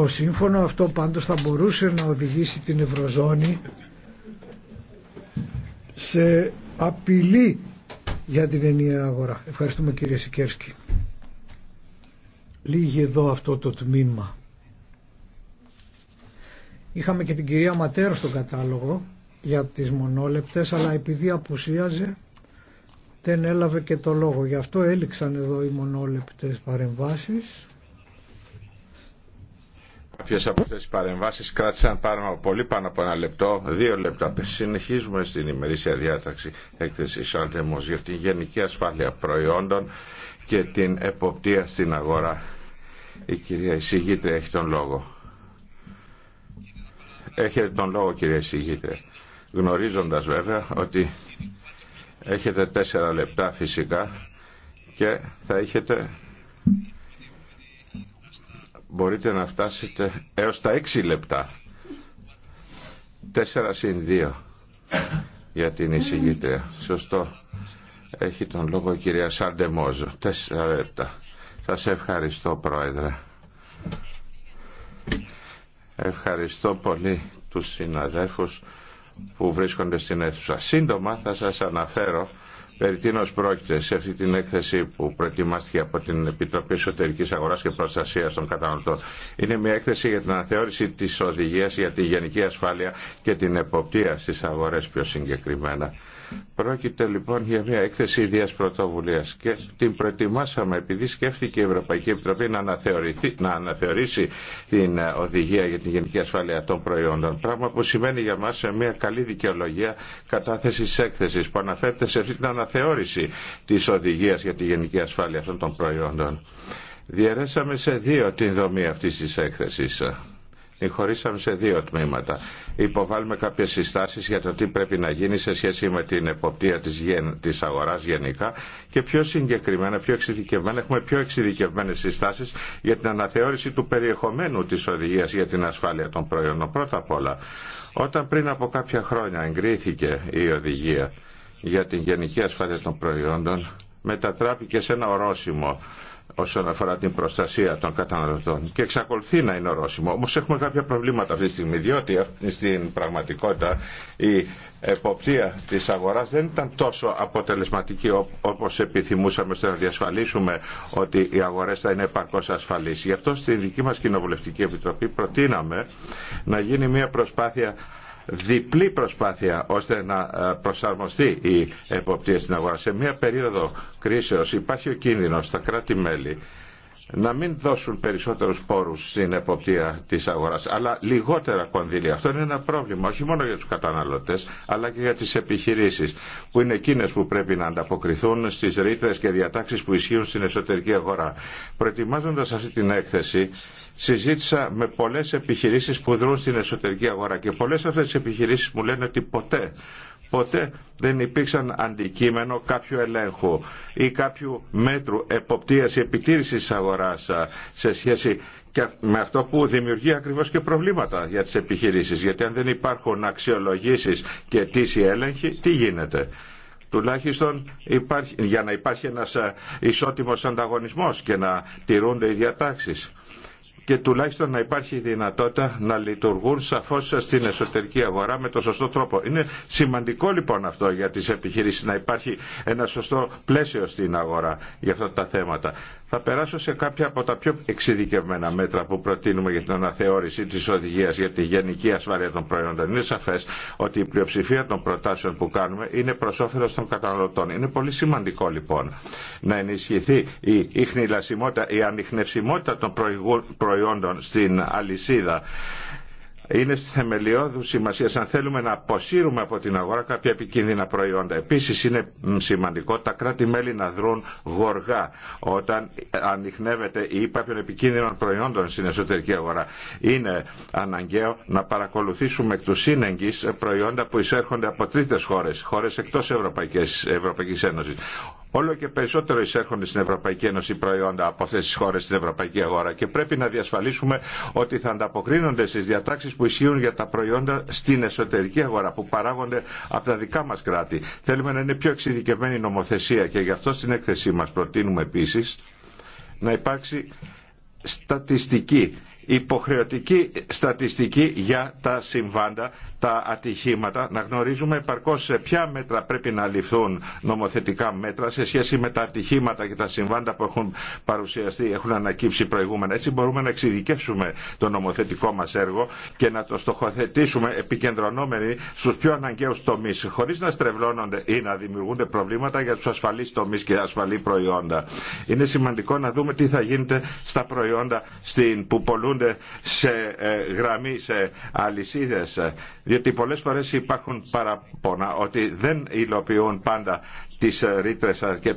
Το σύμφωνο αυτό πάντως θα μπορούσε να οδηγήσει την Ευρωζώνη σε απειλή για την ενιαία αγορά. Ευχαριστούμε κύριε Σικέρσκη. Λίγη εδώ αυτό το τμήμα. Είχαμε και την κυρία Ματέρα στον κατάλογο για τις μονόλεπτες, αλλά επειδή απουσίαζε δεν έλαβε και το λόγο. Γι' αυτό έληξαν εδώ οι μονόλεπτες παρεμβάσεις. Κάποιε από αυτέ τις παρεμβάσεις κράτησαν πάνω, πολύ πάνω από ένα λεπτό, δύο λεπτά. Συνεχίζουμε στην ημερήσια διάταξη έκθεση Σάντεμο για την γενική ασφάλεια προϊόντων και την εποπτεία στην αγορά. Η κυρία εισηγήτρια έχει τον λόγο. Έχετε τον λόγο κυρία εισηγήτρια. Γνωρίζοντας βέβαια ότι έχετε τέσσερα λεπτά φυσικά και θα έχετε μπορείτε να φτάσετε έως τα 6 λεπτά. 4 συν 2 για την εισηγήτρια. Σωστό. Έχει τον λόγο η κυρία Σαντεμόζο. Τέσσερα λεπτά. Σας ευχαριστώ πρόεδρε. Ευχαριστώ πολύ τους συναδέλφους που βρίσκονται στην αίθουσα. Σύντομα θα σας αναφέρω Περί τίνος πρόκειται σε αυτή την έκθεση που προετοιμάστηκε από την Επιτροπή Εσωτερική Αγορά και Προστασία των Καταναλωτών. Είναι μια έκθεση για την αναθεώρηση τη οδηγία για τη γενική ασφάλεια και την εποπτεία στι αγορέ πιο συγκεκριμένα. Πρόκειται λοιπόν για μια έκθεση ιδία πρωτοβουλία και την προετοιμάσαμε επειδή σκέφτηκε η Ευρωπαϊκή Επιτροπή να, να αναθεωρήσει την ε, οδηγία για την γενική ασφάλεια των προϊόντων. Πράγμα που σημαίνει για μα μια καλή δικαιολογία κατάθεση έκθεση που αναφέρεται σε αυτή την αναθεώρηση τη οδηγία για τη γενική ασφάλεια αυτών των προϊόντων. Διαιρέσαμε σε δύο την δομή αυτή τη έκθεση χωρίσαμε σε δύο τμήματα. Υποβάλλουμε κάποιε συστάσει για το τι πρέπει να γίνει σε σχέση με την εποπτεία τη της αγορά γενικά και πιο συγκεκριμένα, πιο εξειδικευμένα, έχουμε πιο εξειδικευμένε συστάσει για την αναθεώρηση του περιεχομένου τη οδηγία για την ασφάλεια των προϊόντων. Πρώτα απ' όλα, όταν πριν από κάποια χρόνια εγκρίθηκε η οδηγία για την γενική ασφάλεια των προϊόντων, μετατράπηκε σε ένα ορόσημο όσον αφορά την προστασία των καταναλωτών και εξακολουθεί να είναι ορόσημο. Όμως έχουμε κάποια προβλήματα αυτή τη στιγμή, διότι στην πραγματικότητα η εποπτεία της αγοράς δεν ήταν τόσο αποτελεσματική όπως επιθυμούσαμε ώστε να διασφαλίσουμε ότι οι αγορές θα είναι επαρκώς ασφαλείς. Γι' αυτό στην δική μας Κοινοβουλευτική Επιτροπή προτείναμε να γίνει μια προσπάθεια διπλή προσπάθεια ώστε να ε, προσαρμοστεί η εποπτεία στην αγορά. Σε μια περίοδο κρίσεως υπάρχει ο κίνδυνος στα κράτη-μέλη να μην δώσουν περισσότερους πόρους στην εποπτεία της αγοράς, αλλά λιγότερα κονδύλια. Αυτό είναι ένα πρόβλημα, όχι μόνο για τους καταναλωτές, αλλά και για τις επιχειρήσεις, που είναι εκείνες που πρέπει να ανταποκριθούν στις ρήτρε και διατάξεις που ισχύουν στην εσωτερική αγορά. Προετοιμάζοντα αυτή την έκθεση, συζήτησα με πολλέ επιχειρήσει που δρούν στην εσωτερική αγορά και πολλέ αυτέ τι επιχειρήσει μου λένε ότι ποτέ ποτέ δεν υπήρξαν αντικείμενο κάποιου ελέγχου ή κάποιου μέτρου εποπτείας ή επιτήρησης της αγοράς σε σχέση και με αυτό που δημιουργεί ακριβώς και προβλήματα για τις επιχειρήσεις. Γιατί αν δεν υπάρχουν αξιολογήσεις και τίση έλεγχοι, τι γίνεται τουλάχιστον υπάρχει, για να υπάρχει ένας ισότιμος ανταγωνισμός και να τηρούνται οι διατάξεις και τουλάχιστον να υπάρχει δυνατότητα να λειτουργούν σαφώς στην εσωτερική αγορά με το σωστό τρόπο. Είναι σημαντικό λοιπόν αυτό για τις επιχειρήσεις να υπάρχει ένα σωστό πλαίσιο στην αγορά για αυτά τα θέματα. Θα περάσω σε κάποια από τα πιο εξειδικευμένα μέτρα που προτείνουμε για την αναθεώρηση τη οδηγία για τη γενική ασφάλεια των προϊόντων. Είναι σαφέ ότι η πλειοψηφία των προτάσεων που κάνουμε είναι προ όφελο των καταναλωτών. Είναι πολύ σημαντικό λοιπόν να ενισχυθεί η ίχνηλασιμότητα, η ανιχνευσιμότητα των προϊόντων προϊόντων στην αλυσίδα είναι θεμελιώδου σημασία αν θέλουμε να αποσύρουμε από την αγορά κάποια επικίνδυνα προϊόντα. Επίση, είναι σημαντικό τα κράτη-μέλη να δρουν γοργά όταν ανοιχνεύεται η ύπαρξη επικίνδυνων προϊόντων στην εσωτερική αγορά. Είναι αναγκαίο να παρακολουθήσουμε εκ του σύνεγγυ προϊόντα που εισέρχονται από τρίτε χώρε, χώρε εκτό Ευρωπαϊκή Ένωση. Όλο και περισσότερο εισέρχονται στην Ευρωπαϊκή Ένωση προϊόντα από αυτέ τι χώρε στην Ευρωπαϊκή Αγορά και πρέπει να διασφαλίσουμε ότι θα ανταποκρίνονται στι διατάξει που ισχύουν για τα προϊόντα στην εσωτερική αγορά που παράγονται από τα δικά μα κράτη. Θέλουμε να είναι πιο εξειδικευμένη η νομοθεσία και γι' αυτό στην έκθεσή μα προτείνουμε επίση να υπάρξει στατιστική υποχρεωτική στατιστική για τα συμβάντα, τα ατυχήματα, να γνωρίζουμε επαρκώ σε ποια μέτρα πρέπει να ληφθούν νομοθετικά μέτρα σε σχέση με τα ατυχήματα και τα συμβάντα που έχουν παρουσιαστεί, έχουν ανακύψει προηγούμενα. Έτσι μπορούμε να εξειδικεύσουμε το νομοθετικό μα έργο και να το στοχοθετήσουμε επικεντρωνόμενοι στου πιο αναγκαίου τομεί, χωρί να στρεβλώνονται ή να δημιουργούνται προβλήματα για του ασφαλεί τομεί και ασφαλή προϊόντα. Είναι σημαντικό να δούμε τι θα γίνεται στα προϊόντα στην, που πολλούν σε ε, γραμμή, σε αλυσίδες, διότι πολλές φορές υπάρχουν παράπονα ότι δεν υλοποιούν πάντα τις ρήτρες και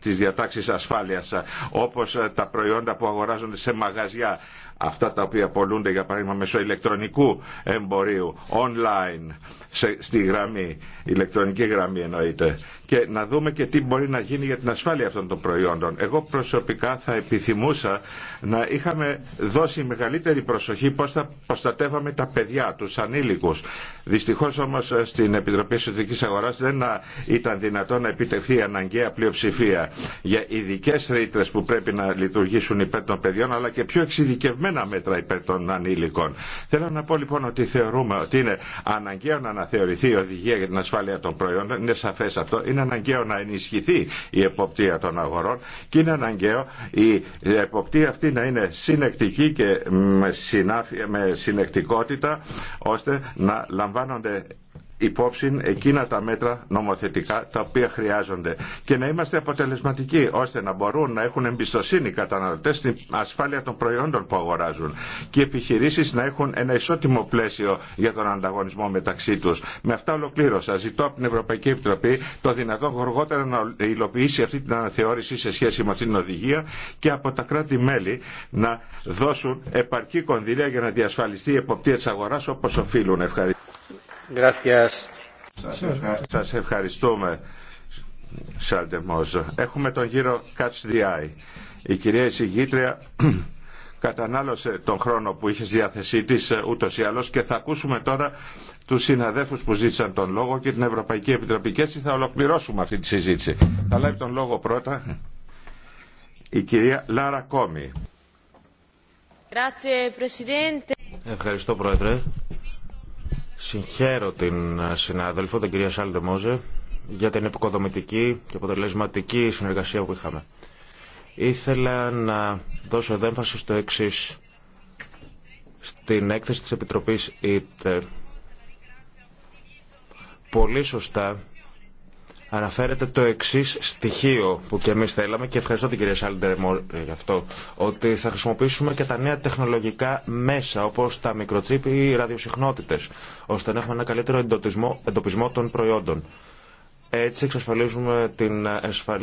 τις διατάξεις ασφάλειας, όπως τα προϊόντα που αγοράζονται σε μαγαζιά, αυτά τα οποία πολλούνται για παράδειγμα μέσω ηλεκτρονικού εμπορίου, online, σε, στη γραμμή, ηλεκτρονική γραμμή εννοείται και να δούμε και τι μπορεί να γίνει για την ασφάλεια αυτών των προϊόντων. Εγώ προσωπικά θα επιθυμούσα να είχαμε δώσει μεγαλύτερη προσοχή πώς θα προστατεύαμε τα παιδιά, τους ανήλικους. Δυστυχώς όμως ε, στην Επιτροπή Εσωτερικής Αγοράς δεν ε, ήταν δυνατό να επιτευχθεί η αναγκαία πλειοψηφία για ειδικέ ρήτρε που πρέπει να λειτουργήσουν υπέρ των παιδιών αλλά και πιο εξειδικευμένα μέτρα υπέρ των ανήλικων. Θέλω να πω λοιπόν ότι θεωρούμε ότι είναι αναγκαίο να αναθεωρηθεί η οδηγία για την ασφάλεια των προϊόντων. Είναι σαφές αυτό αναγκαίο να ενισχυθεί η εποπτεία των αγορών και είναι αναγκαίο η εποπτεία αυτή να είναι συνεκτική και με συνεκτικότητα ώστε να λαμβάνονται υπόψη εκείνα τα μέτρα νομοθετικά τα οποία χρειάζονται και να είμαστε αποτελεσματικοί ώστε να μπορούν να έχουν εμπιστοσύνη οι καταναλωτές στην ασφάλεια των προϊόντων που αγοράζουν και οι επιχειρήσεις να έχουν ένα ισότιμο πλαίσιο για τον ανταγωνισμό μεταξύ τους. Με αυτά ολοκλήρωσα. Ζητώ από την Ευρωπαϊκή Επιτροπή το δυνατόν γοργότερα να υλοποιήσει αυτή την αναθεώρηση σε σχέση με αυτή την οδηγία και από τα κράτη-μέλη να δώσουν επαρκή κονδύλια για να διασφαλιστεί η εποπτεία τη αγοράς όπως οφείλουν. Ευχαριστώ. Σας ευχαριστούμε. Έχουμε τον γύρο Catch the Eye. Η κυρία εισηγήτρια κατανάλωσε τον χρόνο που είχε στη διάθεσή τη ε, ούτω ή άλλω και θα ακούσουμε τώρα του συναδέλφου που ζήτησαν τον λόγο και την Ευρωπαϊκή Επιτροπή. Και έτσι θα ολοκληρώσουμε αυτή τη συζήτηση. Θα λάβει τον λόγο πρώτα η κυρία Λάρα Κόμη. Ευχαριστώ, Πρόεδρε. Συγχαίρω την ε, συνάδελφο, την κυρία Σάλντε Μόζε, για την επικοδομητική και αποτελεσματική συνεργασία που είχαμε. Ήθελα να δώσω έμφαση στο εξή. Στην έκθεση της Επιτροπής ΙΤΕ, πολύ σωστά αναφέρεται το εξή στοιχείο που και εμεί θέλαμε και ευχαριστώ την κυρία Σάλντερ ε, γι' αυτό. Ότι θα χρησιμοποιήσουμε και τα νέα τεχνολογικά μέσα όπω τα μικροτσίπ ή οι ραδιοσυχνότητε, ώστε να έχουμε ένα καλύτερο εντοπισμό, εντοπισμό των προϊόντων. Έτσι εξασφαλίζουμε την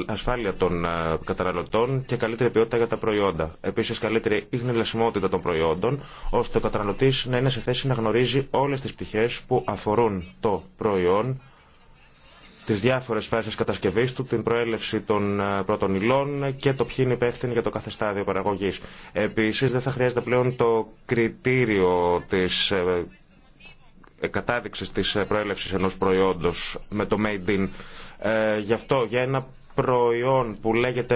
ασφάλεια των ε, καταναλωτών και καλύτερη ποιότητα για τα προϊόντα. Επίση, καλύτερη ίχνηλασιμότητα των προϊόντων, ώστε ο καταναλωτή να είναι σε θέση να γνωρίζει όλε τι πτυχέ που αφορούν το προϊόν τι διάφορε φάσει κατασκευή του, την προέλευση των ε, πρώτων υλών και το ποιοι είναι υπεύθυνοι για το κάθε στάδιο παραγωγής. Επίσης δεν θα χρειάζεται πλέον το κριτήριο τη ε, ε, κατάδειξη τη προέλευση ενό προϊόντο με το Made in. γι' αυτό για ένα προϊόν που λέγεται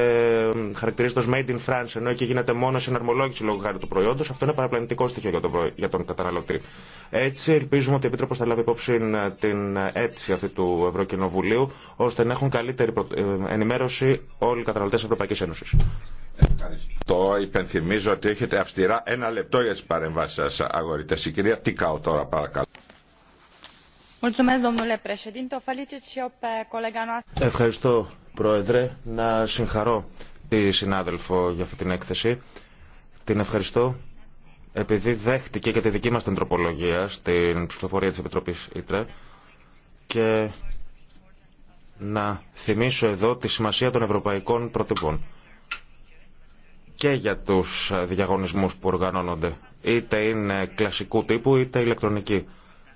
χαρακτηρίζεται ως made in France ενώ εκεί γίνεται μόνο συναρμολόγηση λόγω χάρη του προϊόντος, αυτό είναι παραπλανητικό στοιχείο για τον, καταναλωτή. Έτσι ελπίζουμε ότι η Επίτροπος θα λάβει υπόψη την αίτηση αυτή του Ευρωκοινοβουλίου ώστε να έχουν καλύτερη ε, ενημέρωση όλοι οι καταναλωτές της Ευρωπαϊκής Ένωσης. Ευχαριστώ. Υπενθυμίζω ότι έχετε αυστηρά ένα λεπτό για τις παρεμβάσεις σας, αγορητές. Η κυρία Τικάου τώρα παρακαλώ. Ευχαριστώ, Πρόεδρε. Να συγχαρώ τη συνάδελφο για αυτή την έκθεση. Την ευχαριστώ επειδή δέχτηκε και τη δική μας την τροπολογία στην ψηφοφορία της Επιτροπής ΙΤΡΕ και να θυμίσω εδώ τη σημασία των ευρωπαϊκών προτύπων και για τους διαγωνισμούς που οργανώνονται είτε είναι κλασικού τύπου είτε ηλεκτρονικοί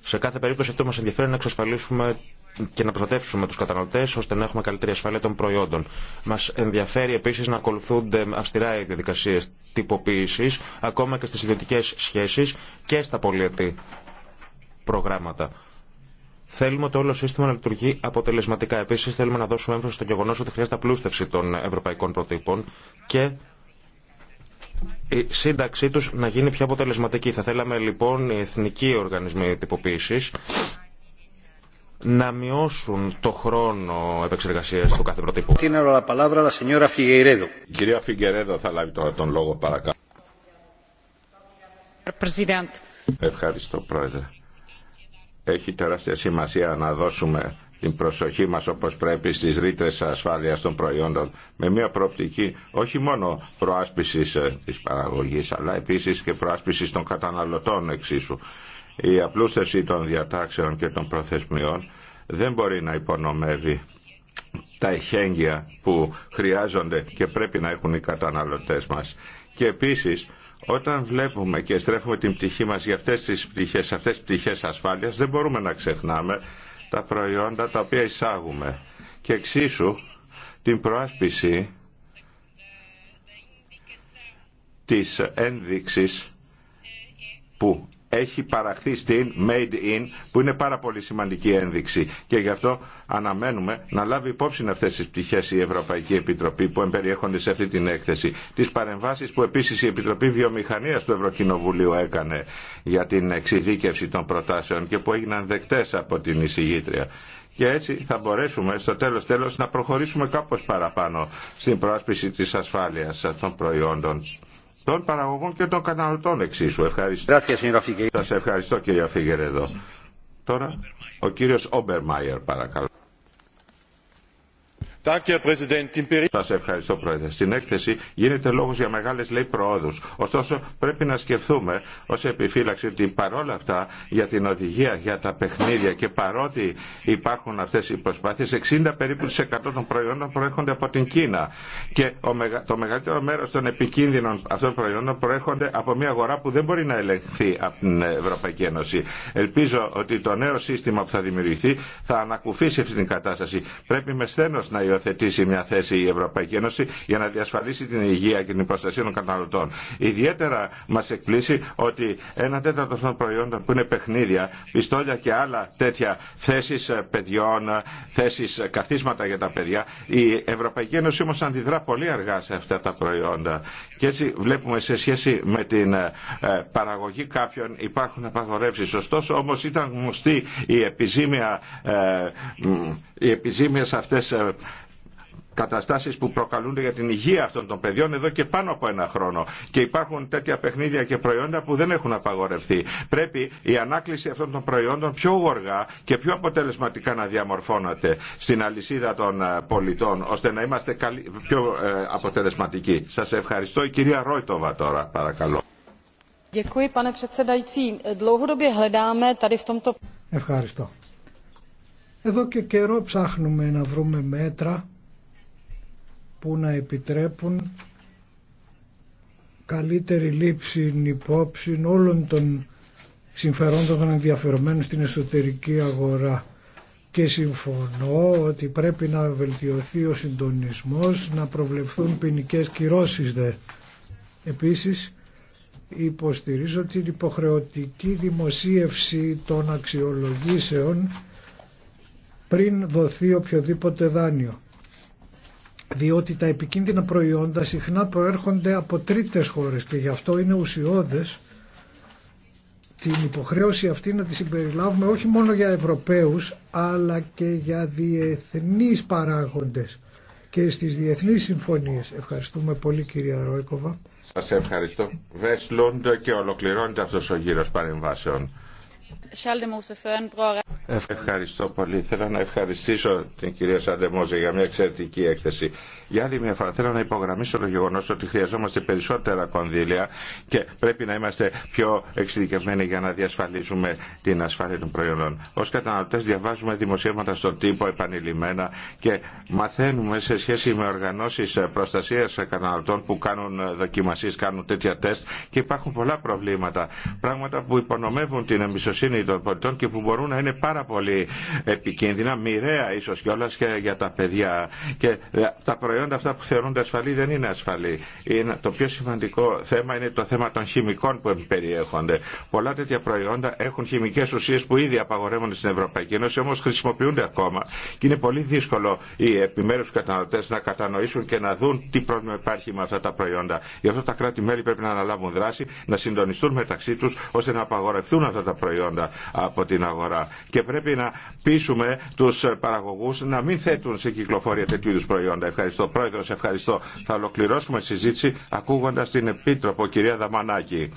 σε κάθε περίπτωση αυτό μας ενδιαφέρει να εξασφαλίσουμε και να προστατεύσουμε του καταναλωτέ ώστε να έχουμε καλύτερη ασφάλεια των προϊόντων. Μα ενδιαφέρει επίση να ακολουθούνται αυστηρά οι διαδικασίε τυποποίηση, ακόμα και στι ιδιωτικέ σχέσει και στα πολιετή προγράμματα. Θέλουμε το όλο σύστημα να λειτουργεί αποτελεσματικά. Επίση, θέλουμε να δώσουμε έμφαση στο γεγονό ότι χρειάζεται απλούστευση των ευρωπαϊκών προτύπων και η σύνταξή τους να γίνει πιο αποτελεσματική. Θα θέλαμε λοιπόν οι εθνικοί οργανισμοί τυποποίησης να μειώσουν το χρόνο επεξεργασίας του κάθε προτύπου. Η κυρία Φιγκερέδο θα λάβει τώρα τον λόγο παρακάτω. Ευχαριστώ πρόεδρε. Έχει τεράστια σημασία να δώσουμε την προσοχή μας όπως πρέπει στις ρήτρες ασφάλειας των προϊόντων με μια προοπτική όχι μόνο προάσπισης ε, της παραγωγής αλλά επίσης και προάσπισης των καταναλωτών εξίσου. Η απλούστευση των διατάξεων και των προθεσμιών δεν μπορεί να υπονομεύει τα εχέγγυα που χρειάζονται και πρέπει να έχουν οι καταναλωτές μας. Και επίσης όταν βλέπουμε και στρέφουμε την πτυχή μας για αυτές τις πτυχές, αυτές τις πτυχές ασφάλειας δεν μπορούμε να ξεχνάμε τα προϊόντα τα οποία εισάγουμε και εξίσου την προάσπιση της ένδειξης που έχει παραχθεί στην Made in που είναι πάρα πολύ σημαντική ένδειξη και γι' αυτό αναμένουμε να λάβει υπόψη αυτές τις πτυχές η Ευρωπαϊκή Επιτροπή που εμπεριέχονται σε αυτή την έκθεση τις παρεμβάσεις που επίσης η Επιτροπή Βιομηχανίας του Ευρωκοινοβουλίου έκανε για την εξειδίκευση των προτάσεων και που έγιναν δεκτές από την εισηγήτρια και έτσι θα μπορέσουμε στο τέλος τέλος να προχωρήσουμε κάπως παραπάνω στην προάσπιση της ασφάλειας των προϊόντων των παραγωγών και των καταναλωτών εξίσου. Ευχαριστώ. Σας ευχαριστώ κύριε Φίγερ εδώ. Τώρα ο κύριος Όμπερμαϊερ παρακαλώ. Σα ευχαριστώ, Πρόεδρε. Στην έκθεση γίνεται λόγο για μεγάλε λέει προόδου. Ωστόσο, πρέπει να σκεφτούμε ω επιφύλαξη ότι παρόλα αυτά για την οδηγία, για τα παιχνίδια και παρότι υπάρχουν αυτέ οι προσπάθειε, 60 περίπου 100 των προϊόντων προέρχονται από την Κίνα. Και το μεγαλύτερο μέρο των επικίνδυνων αυτών προϊόντων προέρχονται από μια αγορά που δεν μπορεί να ελεγχθεί από την Ευρωπαϊκή Ένωση. Ελπίζω ότι το νέο σύστημα που θα δημιουργηθεί θα ανακουφίσει αυτή την κατάσταση. Πρέπει με σθένο να υιοθετήσει μια θέση η Ευρωπαϊκή Ένωση για να διασφαλίσει την υγεία και την προστασία των καταναλωτών. Ιδιαίτερα μα εκπλήσει ότι ένα τέταρτο των προϊόντων που είναι παιχνίδια, πιστόλια και άλλα τέτοια θέσει ε, παιδιών, ε, θέσει ε, καθίσματα για τα παιδιά, η Ευρωπαϊκή Ένωση όμω αντιδρά πολύ αργά σε αυτά τα προϊόντα. Και έτσι βλέπουμε σε σχέση με την παραγωγή κάποιων υπάρχουν απαγορεύσεις. Ωστόσο όμω ήταν γνωστή η επιζήμια, οι επιζήμιες αυτές Καταστάσει που προκαλούνται για την υγεία αυτών των παιδιών εδώ και πάνω από ένα χρόνο. Και υπάρχουν τέτοια παιχνίδια και προϊόντα που δεν έχουν απαγορευτεί. Πρέπει η ανάκληση αυτών των προϊόντων πιο γοργά και πιο αποτελεσματικά να διαμορφώνεται στην αλυσίδα των ε, πολιτών, ώστε να είμαστε πιο ε, αποτελεσματικοί. Σα ευχαριστώ. Η κυρία Ρόιτοβα τώρα, παρακαλώ. Ευχαριστώ. Εδώ και καιρό ψάχνουμε να βρούμε μέτρα που να επιτρέπουν καλύτερη λήψη υπόψη όλων των συμφερόντων των ενδιαφερομένων στην εσωτερική αγορά. Και συμφωνώ ότι πρέπει να βελτιωθεί ο συντονισμός, να προβλεφθούν ποινικέ κυρώσεις δε. Επίσης, υποστηρίζω την υποχρεωτική δημοσίευση των αξιολογήσεων πριν δοθεί οποιοδήποτε δάνειο διότι τα επικίνδυνα προϊόντα συχνά προέρχονται από τρίτες χώρες και γι' αυτό είναι ουσιώδες την υποχρέωση αυτή να τη συμπεριλάβουμε όχι μόνο για Ευρωπαίους αλλά και για διεθνείς παράγοντες και στις διεθνείς συμφωνίες. Ευχαριστούμε πολύ κυρία Ρόικοβα. Σας ευχαριστώ. Βεσλούνται και ολοκληρώνεται αυτός ο γύρος παρεμβάσεων. Ευχαριστώ πολύ. Θέλω να ευχαριστήσω την κυρία Σαντεμόζε για μια εξαιρετική έκθεση. Για άλλη μια φορά θέλω να υπογραμμίσω το γεγονό ότι χρειαζόμαστε περισσότερα κονδύλια και πρέπει να είμαστε πιο εξειδικευμένοι για να διασφαλίσουμε την ασφάλεια των προϊόντων. Ω καταναλωτέ διαβάζουμε δημοσιεύματα στον τύπο επανειλημμένα και μαθαίνουμε σε σχέση με οργανώσει προστασία καταναλωτών που κάνουν δοκιμασίε, κάνουν τέτοια τεστ και υπάρχουν πολλά προβλήματα. Πράγματα που υπονομεύουν την εμπιστοσύνη των πολιτών και που μπορούν να είναι πάρα πάρα πολύ επικίνδυνα, μοιραία ίσως κιόλα και για τα παιδιά. Και ε, τα προϊόντα αυτά που θεωρούνται ασφαλή δεν είναι ασφαλή. Είναι, το πιο σημαντικό θέμα είναι το θέμα των χημικών που περιέχονται. Πολλά τέτοια προϊόντα έχουν χημικέ ουσίε που ήδη απαγορεύονται στην Ευρωπαϊκή Ένωση, όμω χρησιμοποιούνται ακόμα. Και είναι πολύ δύσκολο οι επιμέρου καταναλωτέ να κατανοήσουν και να δουν τι πρόβλημα υπάρχει με αυτά τα προϊόντα. Γι' αυτό τα κράτη-μέλη πρέπει να αναλάβουν δράση, να συντονιστούν μεταξύ του ώστε να απαγορευτούν αυτά τα προϊόντα από την αγορά πρέπει να πείσουμε του παραγωγού να μην θέτουν σε κυκλοφορία τέτοιου είδου προϊόντα. Ευχαριστώ. Πρόεδρο, ευχαριστώ. Θα ολοκληρώσουμε τη συζήτηση ακούγοντα την Επίτροπο, κυρία Δαμανάκη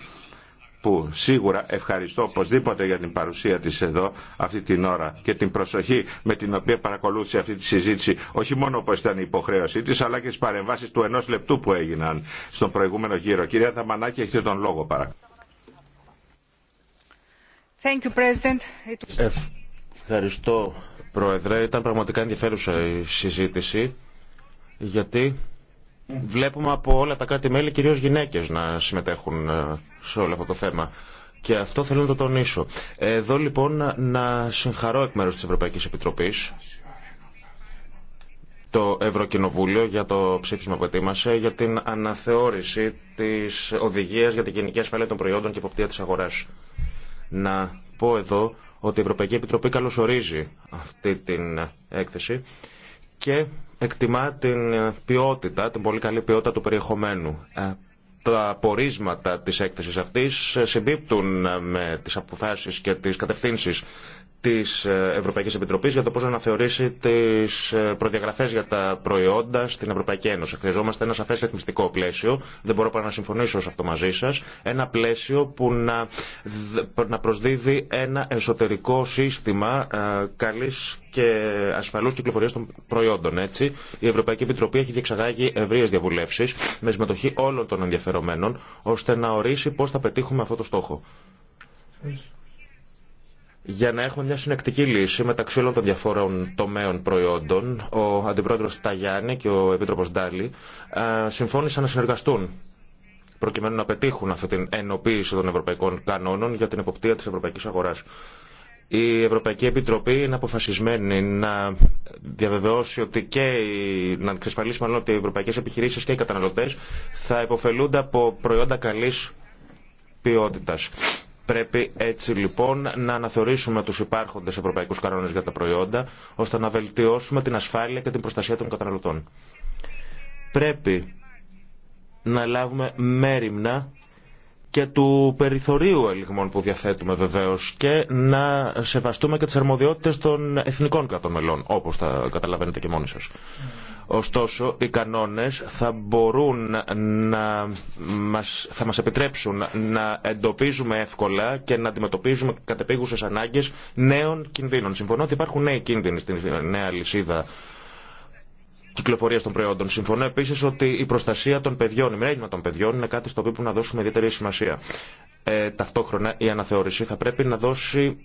που σίγουρα ευχαριστώ οπωσδήποτε για την παρουσία της εδώ αυτή την ώρα και την προσοχή με την οποία παρακολούθησε αυτή τη συζήτηση όχι μόνο όπω ήταν η υποχρέωσή της αλλά και τις παρεμβάσεις του ενός λεπτού που έγιναν στον προηγούμενο γύρο. Κυρία Δαμανάκη έχετε τον λόγο παρακαλώ. Thank you, President. It... Ευχαριστώ, Πρόεδρε. Ήταν πραγματικά ενδιαφέρουσα η συζήτηση, γιατί βλέπουμε από όλα τα κράτη-μέλη, κυρίως γυναίκες, να συμμετέχουν ε, σε όλο αυτό το θέμα. Και αυτό θέλω να το τονίσω. Εδώ λοιπόν να συγχαρώ εκ μέρους της Ευρωπαϊκής Επιτροπής το Ευρωκοινοβούλιο για το ψήφισμα που ετοίμασε για την αναθεώρηση της οδηγίας για την κοινική ασφάλεια των προϊόντων και υποπτία της αγοράς. Να πω εδώ ότι η Ευρωπαϊκή Επιτροπή καλωσορίζει αυτή την έκθεση και εκτιμά την ποιότητα, την πολύ καλή ποιότητα του περιεχομένου. Ε, τα πορίσματα της έκθεσης αυτής ε, συμπίπτουν ε, με τις αποφάσεις και τις κατευθύνσεις τη ε, Ευρωπαϊκή Επιτροπή για το πώ να αναθεωρήσει τι ε, προδιαγραφέ για τα προϊόντα στην Ευρωπαϊκή Ένωση. Χρειαζόμαστε ένα σαφέ ρυθμιστικό πλαίσιο. Δεν μπορώ παρά να συμφωνήσω σε αυτό μαζί σα. Ένα πλαίσιο που να, να προσδίδει ένα εσωτερικό σύστημα ε, καλή και ασφαλού κυκλοφορία των προϊόντων. Έτσι, η Ευρωπαϊκή Επιτροπή έχει διεξαγάγει ευρείε διαβουλεύσει με συμμετοχή όλων των ενδιαφερομένων, ώστε να ορίσει πώ θα πετύχουμε αυτό το στόχο για να έχουμε μια συνεκτική λύση μεταξύ όλων των διαφόρων τομέων προϊόντων, ο αντιπρόεδρο Ταγιάννη και ο επίτροπο Ντάλι συμφώνησαν να συνεργαστούν προκειμένου να πετύχουν αυτή την ενοποίηση των ευρωπαϊκών κανόνων για την εποπτεία τη Ευρωπαϊκή Αγορά. Η Ευρωπαϊκή Επιτροπή είναι αποφασισμένη να διαβεβαιώσει ότι και να εξασφαλίσει μάλλον ότι οι ευρωπαϊκές επιχειρήσεις και οι καταναλωτές θα υποφελούνται από προϊόντα καλής ποιότητας. Πρέπει έτσι λοιπόν να αναθεωρήσουμε τους υπάρχοντες ευρωπαϊκούς κανόνες για τα προϊόντα, ώστε να βελτιώσουμε την ασφάλεια και την προστασία των καταναλωτών. Πρέπει να λάβουμε μέρημνα και του περιθωρίου ελιγμών που διαθέτουμε βεβαίω και να σεβαστούμε και τι αρμοδιότητε των εθνικών κρατών μελών, όπω τα καταλαβαίνετε και μόνοι σα. Ωστόσο, οι κανόνες θα μπορούν να μας, θα μας επιτρέψουν να εντοπίζουμε εύκολα και να αντιμετωπίζουμε κατεπίγουσες ανάγκες νέων κινδύνων. Συμφωνώ ότι υπάρχουν νέοι κίνδυνοι στην νέα λυσίδα κυκλοφορία των προϊόντων. Συμφωνώ επίση ότι η προστασία των παιδιών, η μερέγγιμα των παιδιών είναι κάτι στο οποίο πρέπει να δώσουμε ιδιαίτερη σημασία. Ε, ταυτόχρονα η αναθεώρηση θα πρέπει να δώσει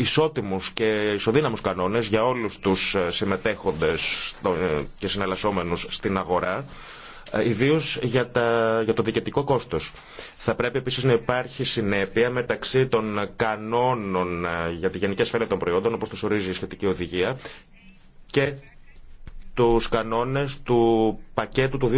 ισότιμους και ισοδύναμους κανόνες για όλους τους ε, συμμετέχοντες ε, και συνελασσόμενους στην αγορά, ε, ιδίω για, για το διοικητικό κόστο. Θα πρέπει επίση να υπάρχει συνέπεια μεταξύ των κανόνων για τη γενική ασφάλεια των προϊόντων, όπω το ορίζει η σχετική οδηγία, και τους κανόνες του πακέτου του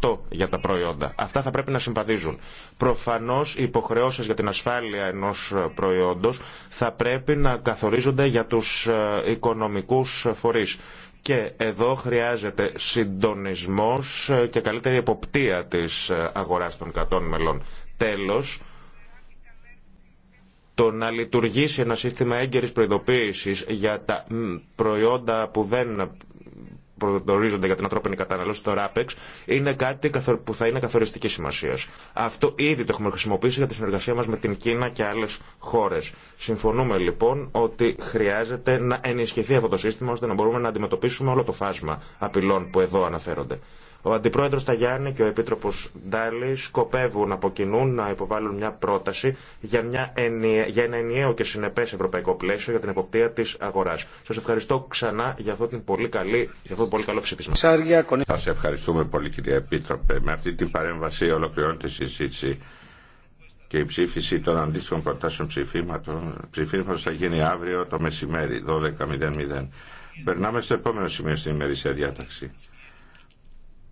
2008 για τα προϊόντα. Αυτά θα πρέπει να συμβαδίζουν. Προφανώς οι υποχρεώσεις για την ασφάλεια ενός προϊόντος θα πρέπει να καθορίζονται για τους ε, οικονομικούς φορείς. Και εδώ χρειάζεται συντονισμός ε, και καλύτερη εποπτεία της ε, αγοράς των κρατών μελών. Τέλος, το να λειτουργήσει ένα σύστημα έγκαιρης προειδοποίησης για τα προϊόντα που δεν προορίζονται για την ανθρώπινη κατανάλωση, το RAPEX, είναι κάτι που θα είναι καθοριστική σημασία. Αυτό ήδη το έχουμε χρησιμοποιήσει για τη συνεργασία μα με την Κίνα και άλλε χώρε. Συμφωνούμε λοιπόν ότι χρειάζεται να ενισχυθεί αυτό το σύστημα ώστε να μπορούμε να αντιμετωπίσουμε όλο το φάσμα απειλών που εδώ αναφέρονται. Ο Αντιπρόεδρος Ταγιάννη και ο Επίτροπος Ντάλι σκοπεύουν από κοινού να υποβάλουν μια πρόταση για, μια για ένα ενιαίο και συνεπές ευρωπαϊκό πλαίσιο για την εποπτεία της αγοράς. Σας ευχαριστώ ξανά για αυτό, την πολύ καλή... για αυτό το πολύ καλό ψήφισμα. Σας ευχαριστούμε πολύ κύριε Επίτροπε. Με αυτή την παρέμβαση ολοκληρώνεται η συζήτηση και η ψήφιση των αντίστοιχων προτάσεων ψηφίματων. Ψηφίσματος θα γίνει αύριο το μεσημέρι, 12.00. Περνάμε στο επόμενο σημείο στην ημερήσια διάταξη.